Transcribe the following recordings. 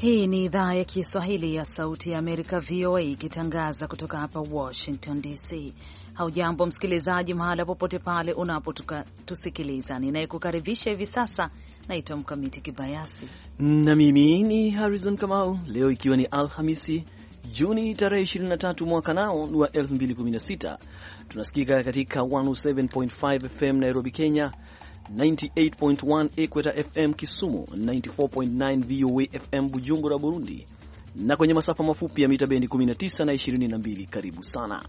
Hii ni idhaa ya Kiswahili ya Sauti ya Amerika, VOA, ikitangaza kutoka hapa Washington DC. Haujambo msikilizaji, mahala popote pale unapotusikiliza. Ninayekukaribisha hivi sasa naitwa Mkamiti Kibayasi na mimi ni Harrison Kamau. Leo ikiwa ni Alhamisi Juni tarehe 23 mwaka nao wa 2016, tunasikika katika 107.5 FM Nairobi, Kenya, 98.1 Equator FM Kisumu, 94.9 VOA FM Bujumbura, Burundi, na kwenye masafa mafupi ya mita bendi 19 na 22. Karibu sana.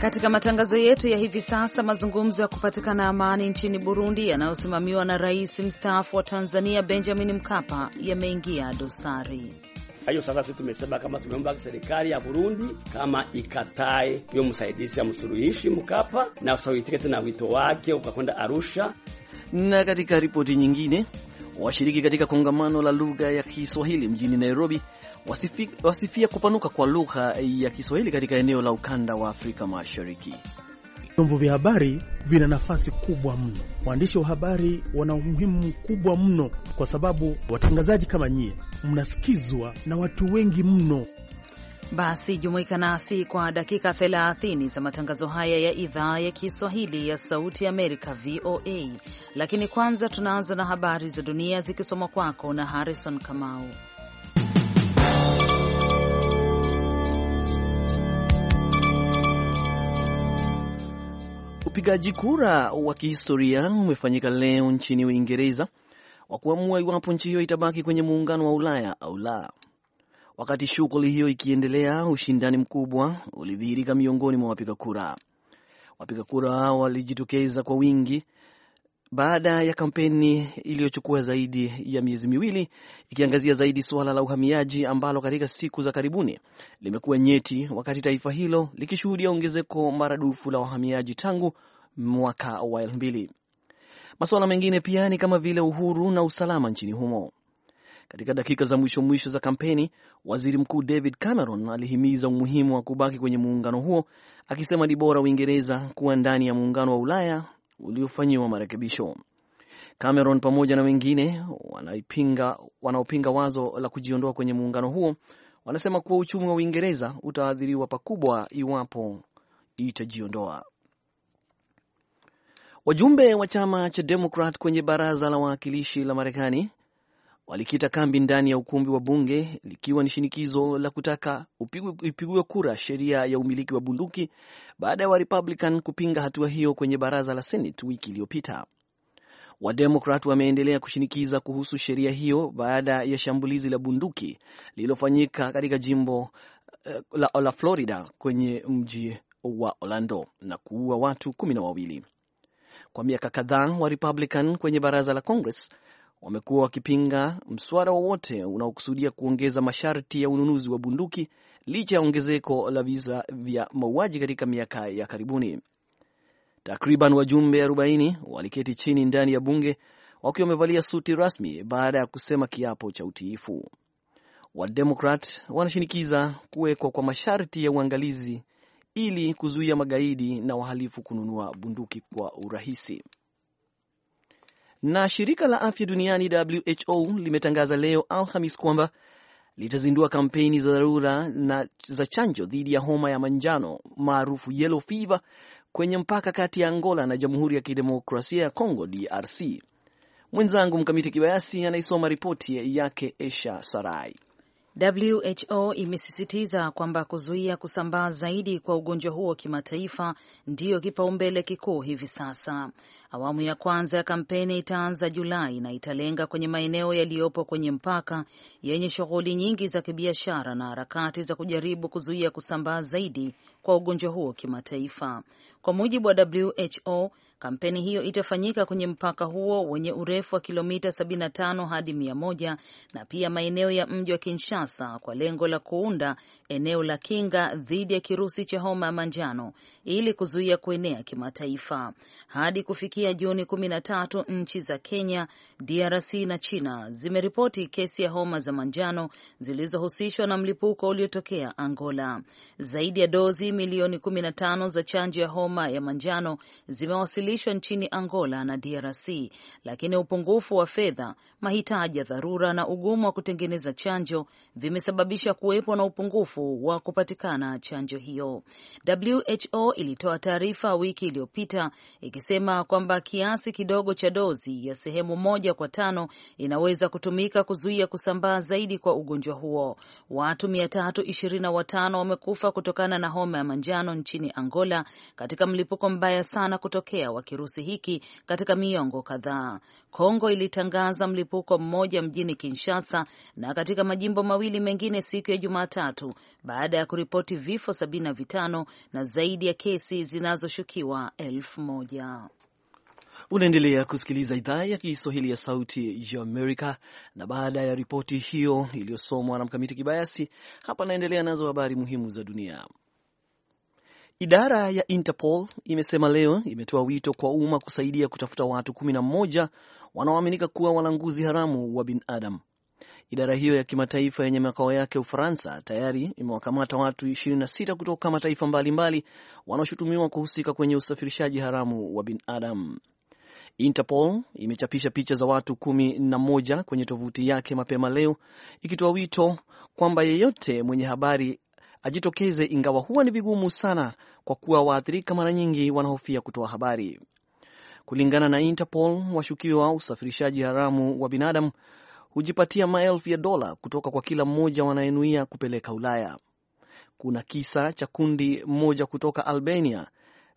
Katika matangazo yetu ya hivi sasa, mazungumzo ya kupatikana amani nchini Burundi yanayosimamiwa na rais mstaafu wa Tanzania Benjamin Mkapa yameingia dosari. Kwa hiyo sasa sisi tumesema kama tumeomba serikali ya Burundi kama ikatae hiyo msaidizi ya msuluhishi Mkapa, na sauitike tena wito wake ukakwenda Arusha. Na katika ripoti nyingine, washiriki katika kongamano la lugha ya Kiswahili mjini Nairobi wasifia kupanuka kwa lugha ya Kiswahili katika eneo la ukanda wa Afrika Mashariki. Vyombo vya habari vina nafasi kubwa mno. Waandishi wa habari wana umuhimu mkubwa mno, kwa sababu watangazaji kama nyie mnasikizwa na watu wengi mno. Basi jumuika nasi kwa dakika 30 za matangazo haya ya idhaa ya Kiswahili ya Sauti Amerika, VOA. Lakini kwanza tunaanza na habari za dunia zikisomwa kwako na Harrison Kamau. Upigaji kura wa kihistoria umefanyika leo nchini Uingereza wa kuamua iwapo nchi hiyo itabaki kwenye muungano wa Ulaya au la. Wakati shughuli hiyo ikiendelea, ushindani mkubwa ulidhihirika miongoni mwa wapiga kura. Wapiga kura walijitokeza kwa wingi baada ya kampeni iliyochukua zaidi ya miezi miwili ikiangazia zaidi suala la uhamiaji ambalo katika siku za karibuni limekuwa nyeti, wakati taifa hilo likishuhudia ongezeko maradufu la wahamiaji tangu mwaka wa elfu mbili. Masuala mengine pia ni kama vile uhuru na usalama nchini humo. Katika dakika za mwisho mwisho za kampeni, waziri mkuu David Cameron alihimiza umuhimu wa kubaki kwenye muungano huo, akisema ni bora Uingereza kuwa ndani ya muungano wa Ulaya uliofanyiwa marekebisho. Cameron pamoja na wengine wanaopinga wanaopinga wazo la kujiondoa kwenye muungano huo wanasema kuwa uchumi wa Uingereza utaathiriwa pakubwa iwapo itajiondoa. Wajumbe wa chama cha Demokrat kwenye baraza la wawakilishi la Marekani walikita kambi ndani ya ukumbi wa bunge likiwa ni shinikizo la kutaka ipigwe kura sheria ya umiliki wa bunduki baada ya Warepublican kupinga hatua hiyo kwenye baraza la Senate wiki iliyopita. Wademokrat wameendelea kushinikiza kuhusu sheria hiyo baada ya shambulizi la bunduki lililofanyika katika jimbo eh, la, la Florida kwenye mji wa Orlando na kuua watu kumi na wawili. Kwa miaka kadhaa wa Republican kwenye baraza la Congress wamekuwa wakipinga mswada wowote unaokusudia kuongeza masharti ya ununuzi wa bunduki licha ya ongezeko la visa vya mauaji katika miaka ya karibuni. Takriban wajumbe 40 waliketi chini ndani ya bunge wakiwa wamevalia suti rasmi baada ya kusema kiapo cha utiifu. Wademokrat wanashinikiza kuwekwa kwa masharti ya uangalizi ili kuzuia magaidi na wahalifu kununua bunduki kwa urahisi. Na shirika la afya duniani WHO limetangaza leo Alhamis kwamba litazindua kampeni za dharura na za chanjo dhidi ya homa ya manjano maarufu yellow fever kwenye mpaka kati ya Angola na Jamhuri ya Kidemokrasia ya congo DRC. Mwenzangu Mkamiti Kibayasi anaisoma ripoti yake Esha Sarai. WHO imesisitiza kwamba kuzuia kusambaa zaidi kwa ugonjwa huo kimataifa ndiyo kipaumbele kikuu hivi sasa. Awamu ya kwanza ya kampeni itaanza Julai na italenga kwenye maeneo yaliyopo kwenye mpaka yenye shughuli nyingi za kibiashara na harakati za kujaribu kuzuia kusambaa zaidi kwa ugonjwa huo kimataifa. Kwa mujibu wa WHO, Kampeni hiyo itafanyika kwenye mpaka huo wenye urefu wa kilomita 75 hadi 100 na pia maeneo ya mji wa Kinshasa kwa lengo la kuunda eneo la kinga dhidi ya kirusi cha homa ya manjano ili kuzuia kuenea kimataifa. Hadi kufikia Juni 13, nchi za Kenya, DRC na China zimeripoti kesi ya homa za manjano zilizohusishwa na mlipuko uliotokea Angola. Zaidi ya dozi milioni 15 za chanjo ya homa ya manjano zimewasili kuwasilishwa nchini Angola na DRC, lakini upungufu wa fedha, mahitaji ya dharura na ugumu wa kutengeneza chanjo vimesababisha kuwepo na upungufu wa kupatikana chanjo hiyo. WHO ilitoa taarifa wiki iliyopita ikisema kwamba kiasi kidogo cha dozi ya sehemu moja kwa tano inaweza kutumika kuzuia kusambaa zaidi kwa ugonjwa huo. Watu 325 wamekufa kutokana na homa ya manjano nchini Angola katika mlipuko mbaya sana kutokea wa kirusi hiki katika miongo kadhaa. Kongo ilitangaza mlipuko mmoja mjini Kinshasa na katika majimbo mawili mengine siku ya Jumatatu baada ya kuripoti vifo sabini na vitano na zaidi ya kesi zinazoshukiwa elfu moja. Unaendelea kusikiliza idhaa ya Kiswahili ya Sauti ya Amerika. Na baada ya ripoti hiyo iliyosomwa na Mkamiti Kibayasi, hapa naendelea nazo habari muhimu za dunia. Idara ya Interpol imesema leo imetoa wito kwa umma kusaidia kutafuta watu kumi na mmoja wanaoaminika kuwa walanguzi haramu wa binadamu. Idara hiyo ya kimataifa yenye makao yake Ufaransa tayari imewakamata watu 26 kutoka mataifa mbalimbali wanaoshutumiwa kuhusika kwenye usafirishaji haramu wa binadamu. Interpol imechapisha picha za watu kumi na moja kwenye tovuti yake mapema leo ikitoa wito kwamba yeyote mwenye habari ajitokeze, ingawa huwa ni vigumu sana kwa kuwa waathirika mara nyingi wanahofia kutoa habari. Kulingana na Interpol, washukiwa usafirishaji haramu wa binadamu hujipatia maelfu ya dola kutoka kwa kila mmoja wanayenuia kupeleka Ulaya. Kuna kisa cha kundi mmoja kutoka Albania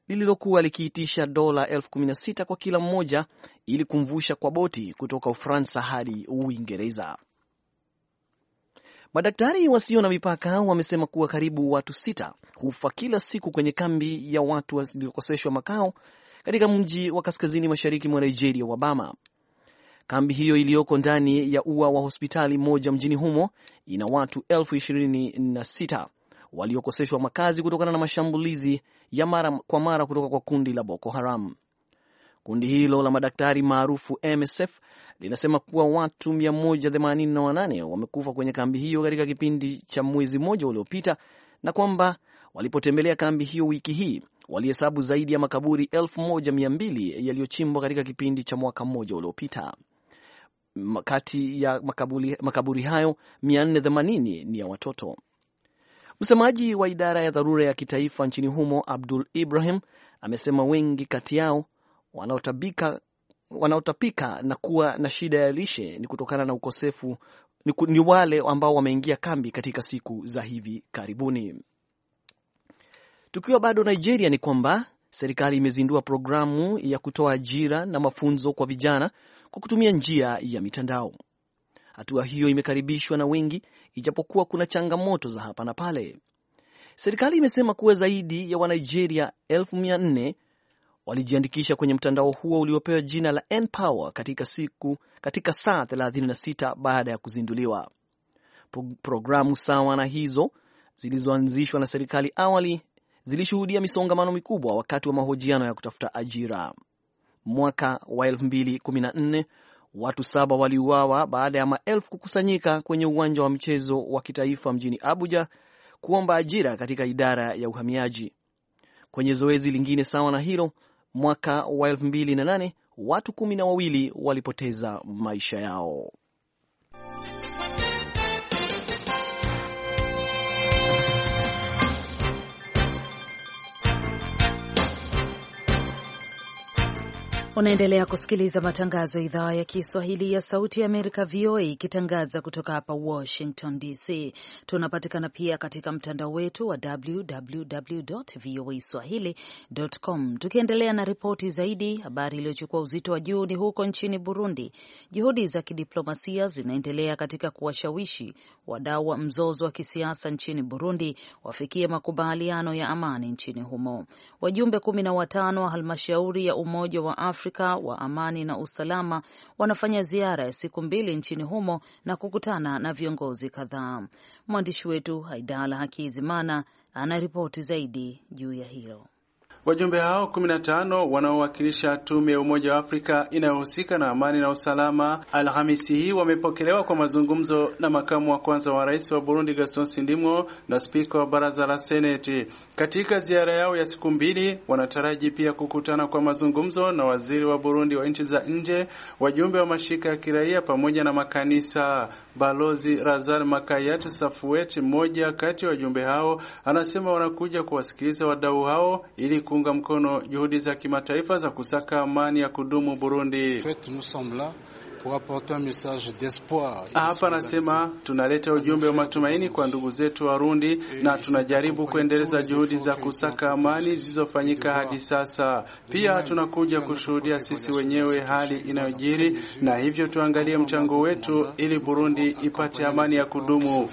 lililokuwa likiitisha dola elfu kumi na sita kwa kila mmoja ili kumvusha kwa boti kutoka Ufaransa hadi Uingereza. Madaktari wasio na mipaka wamesema kuwa karibu watu sita hufa kila siku kwenye kambi ya watu waliokoseshwa makao katika mji wa kaskazini mashariki mwa Nigeria wa Bama. Kambi hiyo iliyoko ndani ya ua wa hospitali moja mjini humo ina watu elfu ishirini na sita waliokoseshwa makazi kutokana na mashambulizi ya mara kwa mara kutoka kwa kundi la Boko Haram. Kundi hilo la madaktari maarufu MSF linasema kuwa watu 188 wamekufa kwenye kambi hiyo katika kipindi cha mwezi mmoja uliopita na kwamba walipotembelea kambi hiyo wiki hii walihesabu zaidi ya makaburi 1200 yaliyochimbwa katika kipindi cha mwaka mmoja uliopita. Kati ya makaburi, makaburi hayo 480 ni ya watoto. Msemaji wa idara ya dharura ya kitaifa nchini humo Abdul Ibrahim amesema wengi kati yao wanaotabika, wanaotapika na kuwa na shida ya lishe ni kutokana na ukosefu ni, ni wale ambao wameingia kambi katika siku za hivi karibuni. Tukiwa bado Nigeria, ni kwamba serikali imezindua programu ya kutoa ajira na mafunzo kwa vijana kwa kutumia njia ya mitandao. Hatua hiyo imekaribishwa na wengi, ijapokuwa kuna changamoto za hapa na pale. Serikali imesema kuwa zaidi ya Wanigeria elfu mia nne walijiandikisha kwenye mtandao huo uliopewa jina la nPower katika siku katika saa 36 baada ya kuzinduliwa. Programu sawa na hizo zilizoanzishwa na serikali awali zilishuhudia misongamano mikubwa wakati wa mahojiano ya kutafuta ajira. Mwaka wa 2014 watu saba waliuawa baada ya maelfu kukusanyika kwenye uwanja wa mchezo wa kitaifa mjini Abuja kuomba ajira katika idara ya uhamiaji. Kwenye zoezi lingine sawa na hilo, mwaka wa 2008 watu kumi na wawili walipoteza maisha yao. Unaendelea kusikiliza matangazo ya idhaa ya Kiswahili ya Sauti ya Amerika, VOA, ikitangaza kutoka hapa Washington DC. Tunapatikana pia katika mtandao wetu wa www voa swahili.com. Tukiendelea na ripoti zaidi, habari iliyochukua uzito wa juu ni huko nchini Burundi. Juhudi za kidiplomasia zinaendelea katika kuwashawishi wadau wa mzozo wa kisiasa nchini Burundi wafikie makubaliano ya amani nchini humo. Wajumbe kumi na watano wa halmashauri ya Umoja wa Afrika Afrika wa amani na usalama wanafanya ziara ya siku mbili nchini humo na kukutana na viongozi kadhaa. Mwandishi wetu Haidala Hakizimana anaripoti zaidi juu ya hilo. Wajumbe hao 15 wanaowakilisha tume ya Umoja wa Afrika inayohusika na amani na usalama, Alhamisi hii wamepokelewa kwa mazungumzo na makamu wa kwanza wa rais wa Burundi Gaston sindimo na spika wa baraza la Seneti. Katika ziara yao ya siku mbili, wanataraji pia kukutana kwa mazungumzo na waziri wa Burundi wa nchi za nje, wajumbe wa mashirika ya kiraia pamoja na makanisa. Balozi Razal Makayat Safuet, mmoja kati ya wajumbe hao, anasema wanakuja kuwasikiliza wadau hao ili kuunga mkono juhudi za kimataifa za kusaka amani ya kudumu Burundi. Hapa anasema tunaleta ujumbe wa matumaini kwa ndugu zetu Warundi na tunajaribu kuendeleza juhudi za kusaka amani zilizofanyika hadi sasa. Pia tunakuja kushuhudia sisi wenyewe hali inayojiri, na hivyo tuangalie mchango wetu ili Burundi ipate amani ya kudumu.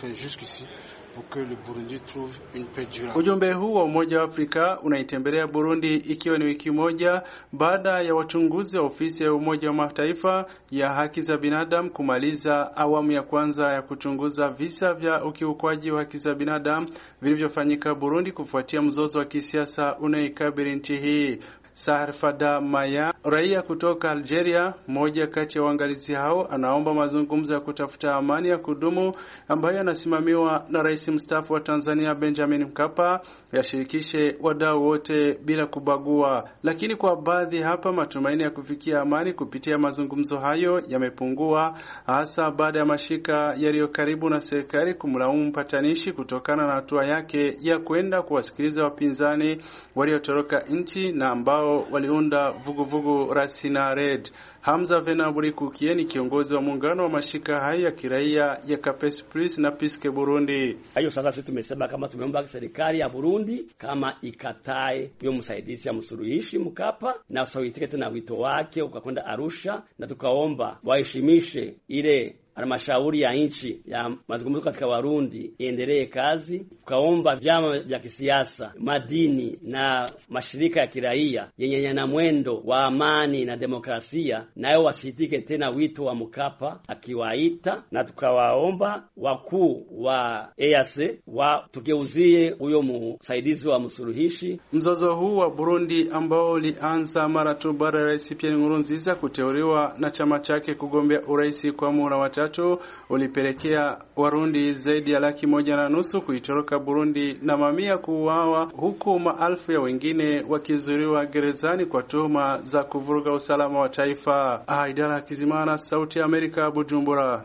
Ujumbe huu wa Umoja wa Afrika unaitembelea Burundi ikiwa ni wiki moja baada ya wachunguzi wa ofisi ya Umoja wa Mataifa ya haki za binadamu kumaliza awamu ya kwanza ya kuchunguza visa vya ukiukwaji wa haki za binadamu vilivyofanyika Burundi kufuatia mzozo wa kisiasa unaoikabili nchi hii. Sarfada Maya raia kutoka Algeria. Mmoja kati ya waangalizi hao anaomba mazungumzo ya kutafuta amani ya kudumu ambayo yanasimamiwa na rais mstaafu wa Tanzania Benjamin Mkapa yashirikishe wadau wote bila kubagua. Lakini kwa baadhi hapa, matumaini ya kufikia amani kupitia mazungumzo hayo yamepungua, hasa baada ya mashirika yaliyo karibu na serikali kumlaumu mpatanishi kutokana na hatua yake ya kwenda kuwasikiliza wapinzani waliotoroka nchi na ambao waliunda vuguvugu vugu Mungu Rasinared. Hamza Venaburi Kukie ni kiongozi wa muungano wa mashirika hayo ya kiraia ya Capes Plus na Piske Burundi. Hayo sasa, sisi tumesema kama tumeomba serikali ya Burundi kama ikatae hiyo msaidizi msuluhishi Mkapa na usawitike tena wito wake ukakwenda Arusha, na tukaomba waheshimishe ile halmashauri ya nchi ya mazungumzo katika Warundi iendelee kazi. Tukaomba vyama vya kisiasa, madini na mashirika ya kiraia yenye yana mwendo wa amani na demokrasia, nayo wasitike tena wito wa Mkapa akiwaita, na tukawaomba wakuu wa EAC watugeuzie huyo msaidizi wa msuluhishi. Mzozo huu wa Burundi ambao ulianza mara tu baada ya Rais Pierre Nkurunziza kuteuliwa na chama chake kugombea urais kwa muhula wa tatu tatu ulipelekea Warundi zaidi ya laki moja na nusu kuitoroka Burundi na mamia kuuawa, huku maelfu ya wengine wakizuriwa gerezani kwa tuhuma za kuvuruga usalama wa taifa. Aidara ah, Kizimana, Sauti ya Amerika, Bujumbura.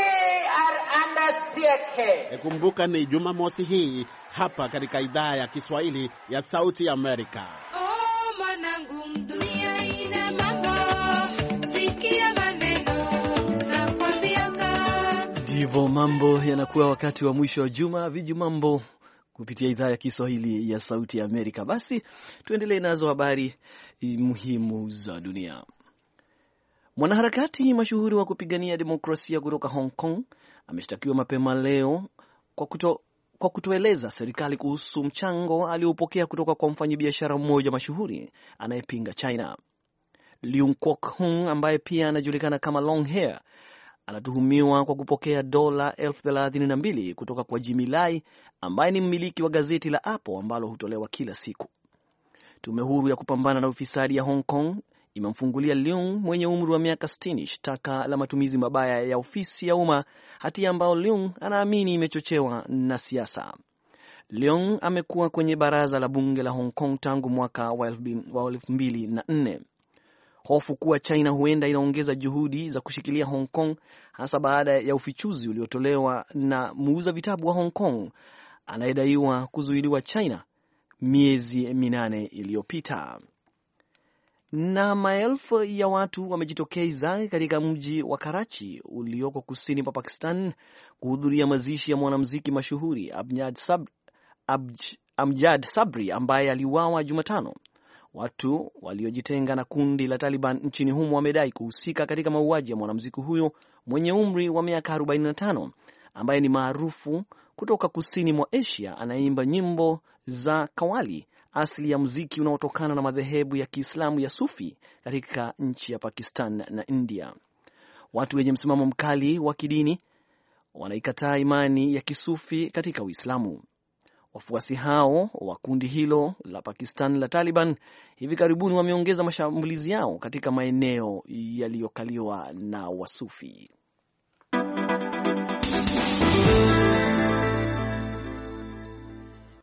yake. Kumbuka ni Jumamosi hii hapa katika idhaa ya Kiswahili ya Sauti Amerika. Oh, mambo, Ndivyo mambo yanakuwa wakati wa mwisho wa juma, viji mambo kupitia idhaa ya Kiswahili ya Sauti ya Amerika. Basi tuendelee nazo habari muhimu za dunia. Mwanaharakati mashuhuri wa kupigania demokrasia kutoka Hong Kong ameshtakiwa mapema leo kwa kuto kwa kutoeleza serikali kuhusu mchango aliyopokea kutoka kwa mfanyabiashara mmoja mashuhuri anayepinga China. Leung Kwok Hung ambaye pia anajulikana kama Long Hair anatuhumiwa kwa kupokea dola elfu thelathini na mbili kutoka kwa Jimmy Lai ambaye ni mmiliki wa gazeti la Apple ambalo hutolewa kila siku. Tume huru ya kupambana na ufisadi ya Hong Kong imemfungulia Leung mwenye umri wa miaka 60 shtaka la matumizi mabaya ya ofisi ya umma, hatia ambayo Leung anaamini imechochewa na siasa. Leung amekuwa kwenye baraza la bunge la Hong Kong tangu mwaka wa 2004. Hofu kuwa China huenda inaongeza juhudi za kushikilia Hong Kong, hasa baada ya ufichuzi uliotolewa na muuza vitabu wa Hong Kong anayedaiwa kuzuiliwa China miezi minane iliyopita na maelfu ya watu wamejitokeza katika mji wa Karachi ulioko kusini mwa Pakistan kuhudhuria mazishi ya mwanamuziki mashuhuri Amjad Sabri, Amjad Sabri ambaye aliuawa Jumatano. Watu waliojitenga na kundi la Taliban nchini humo wamedai kuhusika katika mauaji ya mwanamuziki huyo mwenye umri wa miaka 45 ambaye ni maarufu kutoka kusini mwa Asia anayeimba nyimbo za kawali asili ya muziki unaotokana na madhehebu ya Kiislamu ya Sufi katika nchi ya Pakistan na India. Watu wenye msimamo mkali wa kidini wanaikataa imani ya Kisufi katika Uislamu. Wafuasi hao wa kundi hilo la Pakistan la Taliban hivi karibuni wameongeza mashambulizi yao katika maeneo yaliyokaliwa na Wasufi.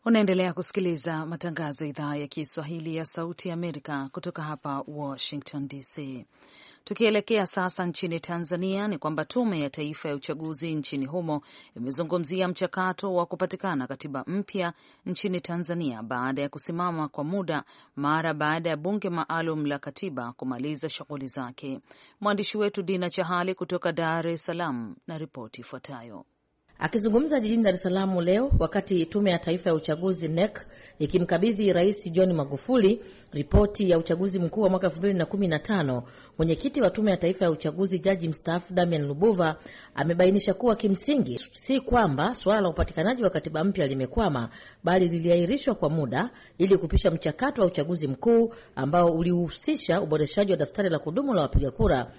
Unaendelea kusikiliza matangazo ya idhaa ya Kiswahili ya Sauti ya Amerika kutoka hapa Washington DC. Tukielekea sasa nchini Tanzania ni kwamba tume ya taifa ya uchaguzi nchini humo imezungumzia mchakato wa kupatikana katiba mpya nchini Tanzania baada ya kusimama kwa muda mara baada ya bunge maalum la katiba kumaliza shughuli zake. Mwandishi wetu Dina Chahali kutoka Dar es Salaam na ripoti ifuatayo. Akizungumza jijini Dar es Salaam leo wakati Tume ya Taifa ya Uchaguzi NEC ikimkabidhi Rais John Magufuli ripoti ya uchaguzi mkuu wa mwaka 2015, mwenyekiti wa Tume ya Taifa ya Uchaguzi Jaji mstaafu Damian Lubuva amebainisha kuwa kimsingi si kwamba suala la upatikanaji wa katiba mpya limekwama, bali liliahirishwa kwa muda ili kupisha mchakato wa uchaguzi mkuu ambao ulihusisha uboreshaji wa daftari la kudumu la wapiga kura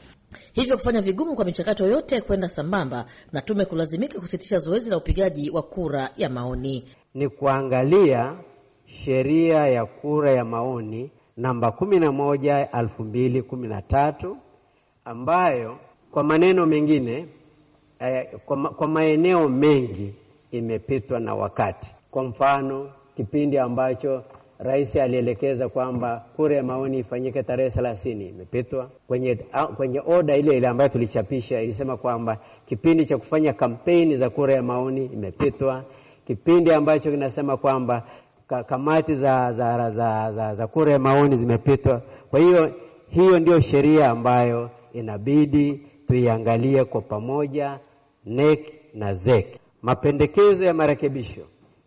hivyo kufanya vigumu kwa michakato yote kwenda sambamba na tume kulazimika kusitisha zoezi la upigaji wa kura ya maoni. Ni kuangalia sheria ya kura ya maoni namba 11 2013 ambayo kwa maneno mengine eh, kwa maeneo mengi imepitwa na wakati. Kwa mfano, kipindi ambacho Rais alielekeza kwamba kura ya maoni ifanyike tarehe thelathini. Imepitwa kwenye, kwenye oda ile ile ambayo tulichapisha ilisema kwamba kipindi cha kufanya kampeni za kura ya maoni imepitwa, kipindi ambacho kinasema kwamba kamati za, za, za, za, za, za kura ya maoni zimepitwa. Kwa hiyo hiyo ndiyo sheria ambayo inabidi tuiangalie kwa pamoja, NEC na ZEC. Mapendekezo ya marekebisho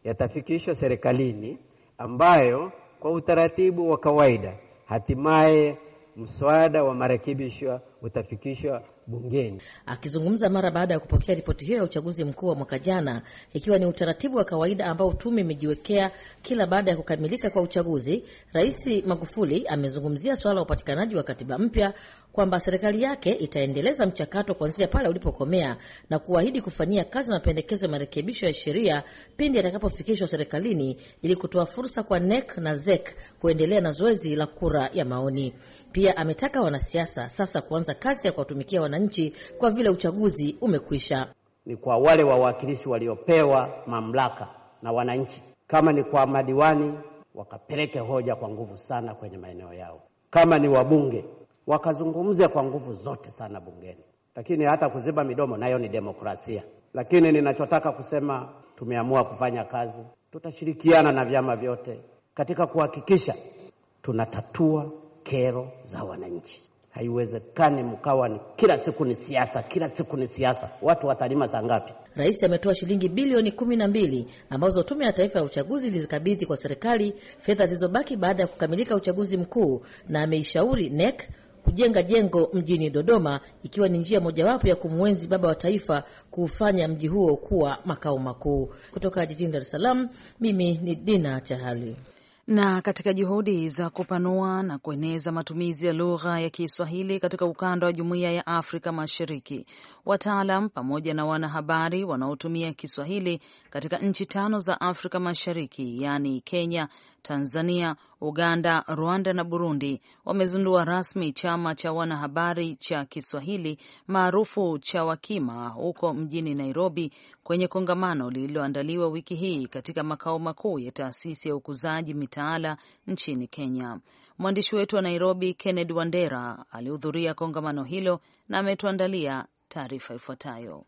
yatafikishwa serikalini ambayo kwa utaratibu wa kawaida hatimaye mswada wa marekebisho utafikishwa bungeni. Akizungumza mara baada ya kupokea ripoti hiyo ya uchaguzi mkuu wa mwaka jana, ikiwa ni utaratibu wa kawaida ambao tume imejiwekea kila baada ya kukamilika kwa uchaguzi, Rais Magufuli amezungumzia suala la upatikanaji wa katiba mpya kwamba serikali yake itaendeleza mchakato kuanzia pale ulipokomea na kuahidi kufanyia kazi mapendekezo ya marekebisho ya sheria pindi yatakapofikishwa serikalini ili kutoa fursa kwa NEC na ZEC kuendelea na zoezi la kura ya maoni. Pia ametaka wanasiasa sasa kuanza kazi ya kuwatumikia wananchi kwa vile uchaguzi umekwisha. Ni kwa wale wawakilishi waliopewa mamlaka na wananchi, kama ni kwa madiwani wakapeleke hoja kwa nguvu sana kwenye maeneo yao, kama ni wabunge wakazungumze kwa nguvu zote sana bungeni, lakini hata kuziba midomo nayo ni demokrasia. Lakini ninachotaka kusema, tumeamua kufanya kazi, tutashirikiana na vyama vyote katika kuhakikisha tunatatua kero za wananchi. Haiwezekani mkawa ni kila siku ni siasa, kila siku ni siasa. Watu watalima saa ngapi? Rais ametoa shilingi bilioni kumi na mbili ambazo Tume ya Taifa ya Uchaguzi ilizikabidhi kwa serikali, fedha zilizobaki baada ya kukamilika uchaguzi mkuu, na ameishauri NEC kujenga jengo mjini Dodoma, ikiwa ni njia mojawapo ya kumwenzi baba wa taifa kuufanya mji huo kuwa makao makuu. Kutoka jijini Dar es Salaam, mimi ni Dina Chahali. Na katika juhudi za kupanua na kueneza matumizi ya lugha ya Kiswahili katika ukanda wa Jumuiya ya Afrika Mashariki, wataalam pamoja na wanahabari wanaotumia Kiswahili katika nchi tano za Afrika Mashariki, yaani Kenya, Tanzania, Uganda, Rwanda na Burundi wamezindua rasmi chama cha wanahabari cha Kiswahili maarufu cha Wakima huko mjini Nairobi, kwenye kongamano lililoandaliwa wiki hii katika makao makuu ya taasisi ya ukuzaji mitaala nchini Kenya. Mwandishi wetu wa Nairobi, kenned Wandera, alihudhuria kongamano hilo na ametuandalia taarifa ifuatayo.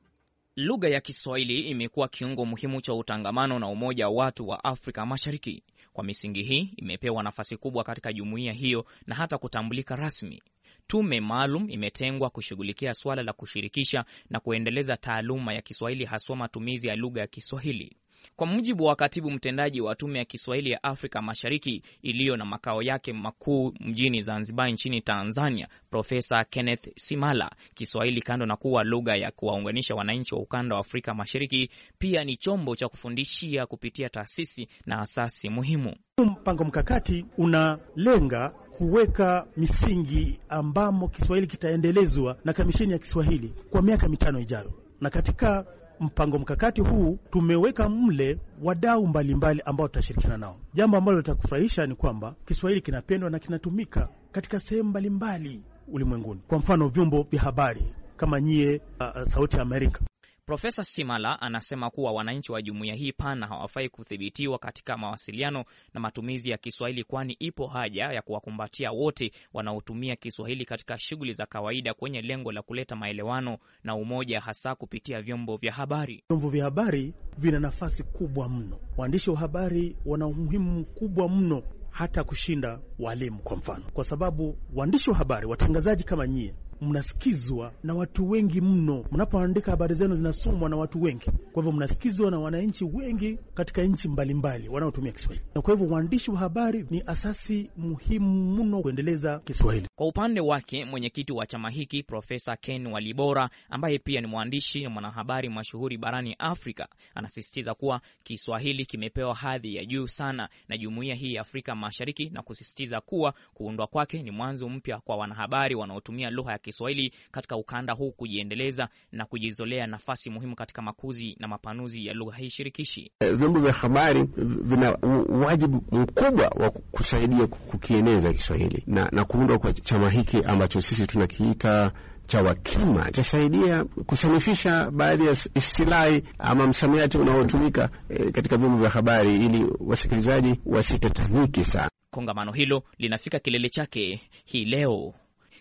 Lugha ya Kiswahili imekuwa kiungo muhimu cha utangamano na umoja wa watu wa Afrika Mashariki. Kwa misingi hii, imepewa nafasi kubwa katika jumuiya hiyo na hata kutambulika rasmi. Tume maalum imetengwa kushughulikia suala la kushirikisha na kuendeleza taaluma ya Kiswahili, haswa matumizi ya lugha ya Kiswahili. Kwa mujibu wa katibu mtendaji wa Tume ya Kiswahili ya Afrika Mashariki iliyo na makao yake makuu mjini Zanzibar nchini Tanzania, Profesa Kenneth Simala, Kiswahili kando na kuwa lugha ya kuwaunganisha wananchi wa ukanda wa Afrika Mashariki, pia ni chombo cha kufundishia kupitia taasisi na asasi muhimu. Mpango mkakati unalenga kuweka misingi ambamo Kiswahili kitaendelezwa na Kamisheni ya Kiswahili kwa miaka mitano ijayo, na katika mpango mkakati huu tumeweka mle wadau mbalimbali ambao tutashirikiana nao. Jambo ambalo litakufurahisha ni kwamba Kiswahili kinapendwa na kinatumika katika sehemu mbalimbali ulimwenguni, kwa mfano vyombo vya habari kama nyie, uh, uh Sauti ya Amerika Profesa Simala anasema kuwa wananchi wa jumuiya hii pana hawafai kuthibitiwa katika mawasiliano na matumizi ya Kiswahili, kwani ipo haja ya kuwakumbatia wote wanaotumia Kiswahili katika shughuli za kawaida kwenye lengo la kuleta maelewano na umoja, hasa kupitia vyombo vya habari. Vyombo vya habari vina nafasi kubwa mno. Waandishi wa habari wana umuhimu mkubwa mno hata kushinda walimu, kwa mfano, kwa sababu waandishi wa habari, watangazaji kama nyie mnasikizwa na watu wengi mno. Mnapoandika habari zenu zinasomwa na watu wengi, kwa hivyo mnasikizwa na wananchi wengi katika nchi mbalimbali wanaotumia Kiswahili, na kwa hivyo waandishi wa habari ni asasi muhimu mno kuendeleza Kiswahili. Kwa upande wake, mwenyekiti wa chama hiki Profesa Ken Walibora, ambaye pia ni mwandishi na mwanahabari mashuhuri barani Afrika, anasisitiza kuwa Kiswahili kimepewa hadhi ya juu sana na jumuiya hii ya Afrika Mashariki na kusisitiza kuwa kuundwa kwake ni mwanzo mpya kwa wanahabari wanaotumia lugha ya Kiswahili katika ukanda huu kujiendeleza na kujizolea nafasi muhimu katika makuzi na mapanuzi ya lugha hii shirikishi. Eh, vyombo vya habari vina wajibu mkubwa wa kusaidia kukieneza Kiswahili na, na kuundwa kwa chama hiki ambacho sisi tunakiita cha Wakima itasaidia kusanifisha baadhi ya istilahi ama msamiati unaotumika e, katika vyombo vya habari ili wasikilizaji wasitataniki sana. Kongamano hilo linafika kilele chake hii leo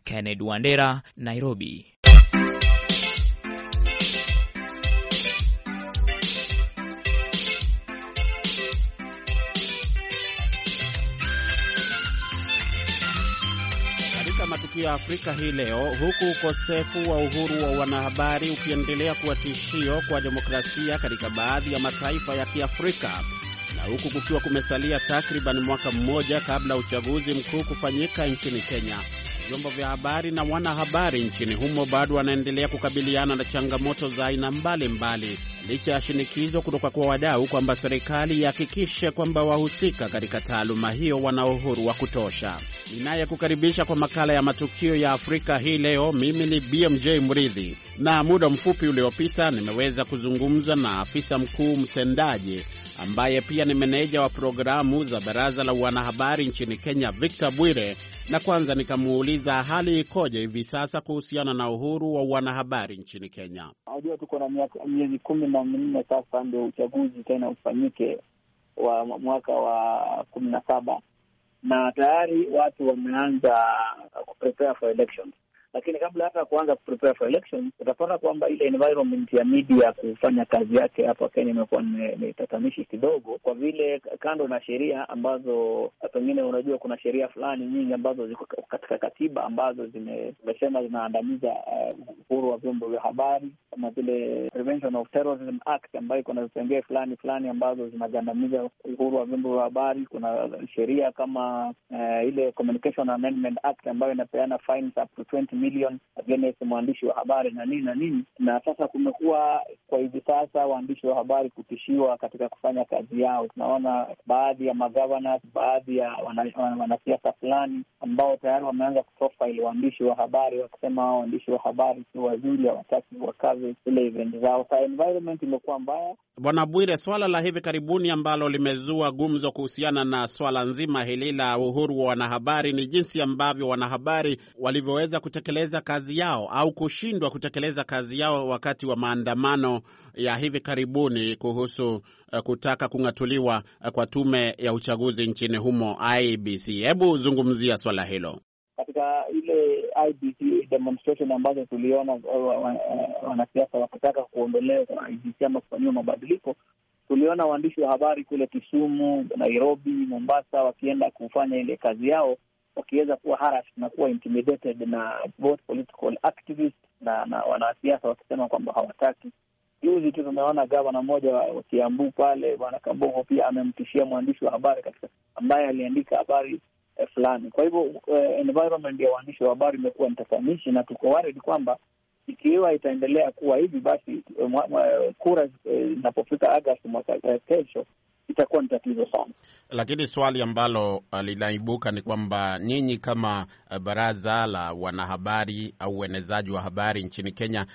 kenned Wandera, Nairobi. Matukio ya Afrika hii leo, huku ukosefu wa uhuru wa wanahabari ukiendelea kuwa tishio kwa demokrasia katika baadhi ya mataifa ya Kiafrika na huku kukiwa kumesalia takriban mwaka mmoja kabla uchaguzi mkuu kufanyika nchini Kenya, Vyombo vya habari na wanahabari nchini humo bado wanaendelea kukabiliana na changamoto za aina mbalimbali licha ya shinikizo kutoka kwa wadau kwamba serikali ihakikishe kwamba wahusika katika taaluma hiyo wana uhuru wa kutosha. Ninayekukaribisha kwa makala ya matukio ya Afrika hii leo, mimi ni BMJ Mridhi, na muda mfupi uliopita nimeweza kuzungumza na afisa mkuu mtendaji ambaye pia ni meneja wa programu za baraza la wanahabari nchini Kenya, Victor Bwire, na kwanza nikamuuliza hali ikoje hivi sasa kuhusiana na uhuru wa wanahabari nchini Kenya. Najua tuko na miezi kumi na minne sasa ndio uchaguzi tena ufanyike wa mwaka wa kumi na saba na tayari watu wameanza kuprepare for elections lakini kabla hata kuanza kuprepare for election utapata kwamba ile environment ya media kufanya kazi yake hapa Kenya imekuwa ni tatanishi kidogo, kwa vile kando na sheria ambazo pengine unajua kuna sheria fulani nyingi ambazo ziko katika katiba ambazo zimesema zinaandamiza eh, uhuru wa vyombo vya habari kama vile Prevention of Terrorism Act ambayo iko na vipengee fulani fulani ambazo zinagandamiza uhuru wa vyombo vya habari. Kuna sheria kama uh, ile Communication Amendment Act ambayo inapeana fines up to 20 million against mwandishi wa habari na nini na nini. Na sasa kumekuwa kwa hivi sasa waandishi wa habari kutishiwa katika kufanya kazi yao. Tunaona baadhi ya magavana, baadhi ya wanasiasa fulani ambao tayari wameanza kuprofile waandishi wa habari wakisema hao waandishi wa habari si wazuri, hawataki wakazi zile event zao. Sa environment imekuwa mbaya. Bwana Bwire, swala la hivi karibuni ambalo limezua gumzo kuhusiana na swala nzima hili la uhuru wa wanahabari ni jinsi ambavyo wanahabari walivyoweza kutekeleza kazi yao au kushindwa kutekeleza kazi yao wakati wa maandamano ya hivi karibuni kuhusu uh, kutaka kung'atuliwa uh, kwa tume ya uchaguzi nchini humo IBC. Hebu zungumzia swala hilo katika ile IBC demonstration ambazo tuliona eh, eh, wanasiasa wakitaka kuondolewa IBC ama kufanyiwa mabadiliko, tuliona waandishi wa habari kule Kisumu, Nairobi, Mombasa wakienda kufanya ile kazi yao wakiweza kuwa haras na kuwa intimidated na both political activists na, na wanasiasa wakisema kwamba hawataki. Juzi tu tumeona gavana mmoja wa Kiambu pale, Bwana Kambogo, pia amemtishia mwandishi wa habari katika ambaye aliandika habari eh, fulani. Kwa hivyo eh, environment ya waandishi wa habari imekuwa nitafanishi, na tuko worried kwamba ikiwa itaendelea kuwa hivi basi eh, kura eh, inapofika eh, Agosti mwaka eh, kesho itakuwa ni tatizo sana. Lakini swali ambalo eh, linaibuka ni kwamba nyinyi kama baraza la wanahabari au uenezaji wa habari nchini Kenya,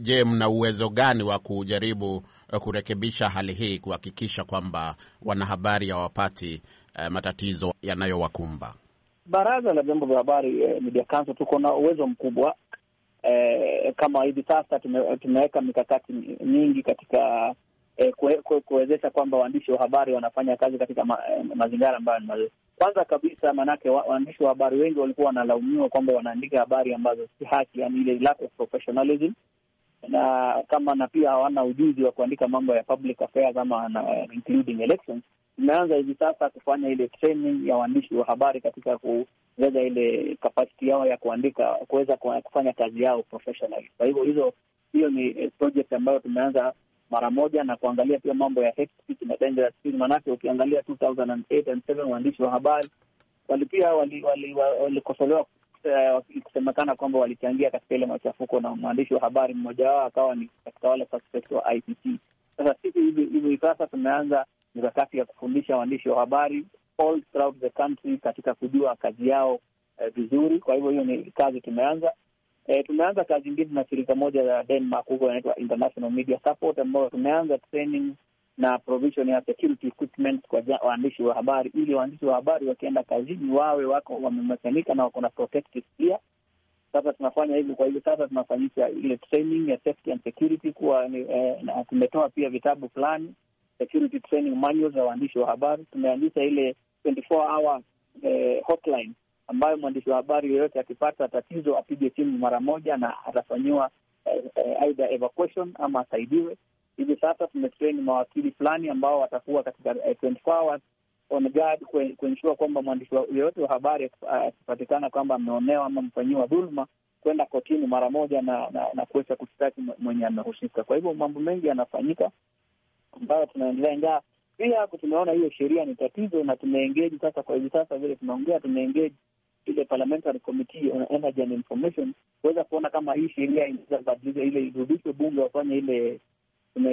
je, mna uwezo gani wa kujaribu kurekebisha hali hii, kuhakikisha kwamba wanahabari hawapati eh, matatizo yanayowakumba? Baraza la vyombo vya habari eh, Media Council, tuko na uwezo mkubwa eh, kama hivi sasa tume, tumeweka mikakati mingi katika eh, kuwezesha kwamba waandishi wa habari wanafanya kazi katika ma, eh, mazingira ambayo ni mazuri. Kwanza kabisa, maanake waandishi wa habari wengi walikuwa wanalaumiwa kwamba wanaandika habari ambazo si haki, yani ile lack of professionalism na kama na pia hawana ujuzi wa kuandika mambo ya public affairs ama na, including elections tumeanza hivi sasa kufanya ile training ya waandishi wa habari katika kuweza ile kapasiti yao ya kuandika, kuweza kufanya kazi yao professionally. Kwa hivyo hizo, hiyo ni eh, project ambayo tumeanza mara moja, na kuangalia pia mambo ya hate speech na dangerous speech. Maanake ukiangalia 2008 and 7 waandishi wa habari walipia pia walikosolewa wali, uh, eh, kusemekana kwamba walichangia katika ile machafuko, na mwandishi wa habari mmoja wao akawa ni katika wale suspect wa ICC. Sasa sisi hivi sasa tumeanza mikakati ya kufundisha waandishi wa habari all throughout the country katika kujua kazi yao eh, vizuri. Kwa hivyo hiyo ni kazi tumeanza. Eh, tumeanza kazi ingine na shirika moja la Denmark huko inaitwa International Media Support, ambayo tumeanza training na provision ya security equipment kwa waandishi wa habari, ili waandishi wa habari wakienda kazini wawe wako wamemekanika na wako na protective pia. Sasa tunafanya hivyo. Kwa hivyo sasa tunafanyisha ile training ya safety and security kuwa, eh, na tumetoa pia vitabu fulani security training manuals za waandishi wa habari. Tumeanzisha ile 24 hour eh, hotline ambayo mwandishi wa habari yoyote akipata tatizo apige simu mara moja na atafanyiwa eh, eh, evacuation ama asaidiwe. Hivi sasa tumetrain mawakili fulani ambao watakuwa katika eh, 24 hours on guard kwamba mwandishi yoyote wa habari eh, akipatikana kwamba ameonewa ama amefanyiwa dhuluma kwenda kotini mara moja na, na, na kuweza kushtaki mwenye amehusika. Kwa hivyo mambo mengi yanafanyika ambayo tunaendelea, ingawa pia hapo tumeona hiyo sheria ni tatizo, na tumeengeji sasa, kwa hivi sasa vile tunaongea, tumeengeji ile parliamentary committee on energy and information kuweza kuona kama hii sheria inaweza badilisha ile irudishwe bunge wafanye ile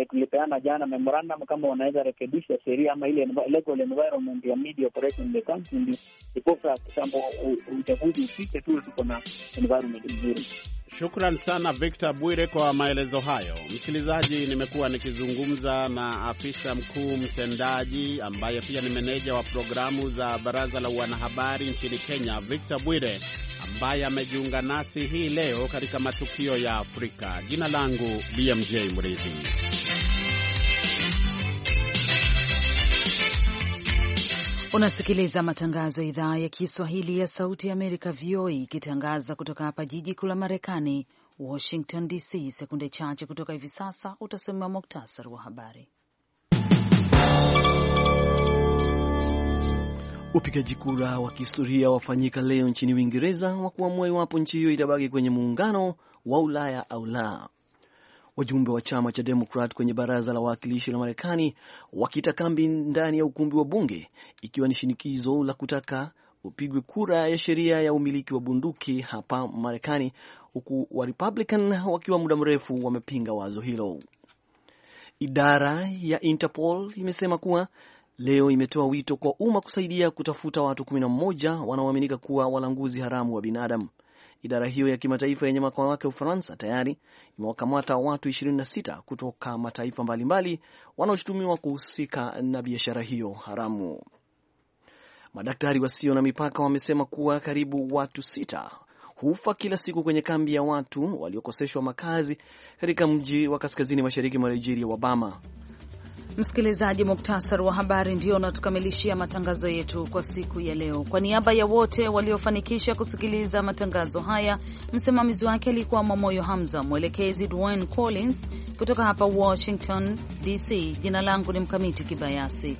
tulipeana jana memorandum kama wanaweza rekebisha sheria ama ile legal environment ya media operation the country, ndiposa kitambo uchaguzi ufike, tuwe tuko na environment nzuri. Shukran sana Victor Bwire kwa maelezo hayo. Msikilizaji, nimekuwa nikizungumza na afisa mkuu mtendaji ambaye pia ni meneja wa programu za baraza la wanahabari nchini Kenya, Victor Bwire, ambaye amejiunga nasi hii leo katika matukio ya Afrika. Jina langu BMJ Mridhi. Unasikiliza matangazo ya idhaa ya Kiswahili ya Sauti ya Amerika, VOA, ikitangaza kutoka hapa jiji kuu la Marekani, Washington DC. Sekunde chache kutoka hivi sasa utasomewa muktasari wa habari. Upigaji kura wa kihistoria wafanyika leo nchini Uingereza wa kuamua iwapo nchi hiyo itabaki kwenye muungano wa Ulaya au la wajumbe wa chama cha Demokrat kwenye baraza la wawakilishi la Marekani wakita kambi ndani ya ukumbi wa bunge ikiwa ni shinikizo la kutaka upigwe kura ya sheria ya umiliki wa bunduki hapa Marekani, huku Warepublican wakiwa muda mrefu wamepinga wazo hilo. Idara ya Interpol imesema kuwa leo imetoa wito kwa umma kusaidia kutafuta watu 11 wanaoaminika kuwa walanguzi haramu wa binadamu. Idara hiyo ya kimataifa yenye makao yake Ufaransa tayari imewakamata watu 26 kutoka mataifa mbalimbali wanaoshutumiwa kuhusika na biashara hiyo haramu. Madaktari wasio na mipaka wamesema kuwa karibu watu sita hufa kila siku kwenye kambi ya watu waliokoseshwa makazi katika mji wa kaskazini mashariki mwa Nigeria wa Bama. Msikilizaji, muktasari wa habari ndio unatukamilishia matangazo yetu kwa siku ya leo. Kwa niaba ya wote waliofanikisha kusikiliza matangazo haya, msimamizi wake alikuwa Mwamoyo Hamza, mwelekezi Dwayne Collins. Kutoka hapa Washington DC, jina langu ni Mkamiti Kibayasi.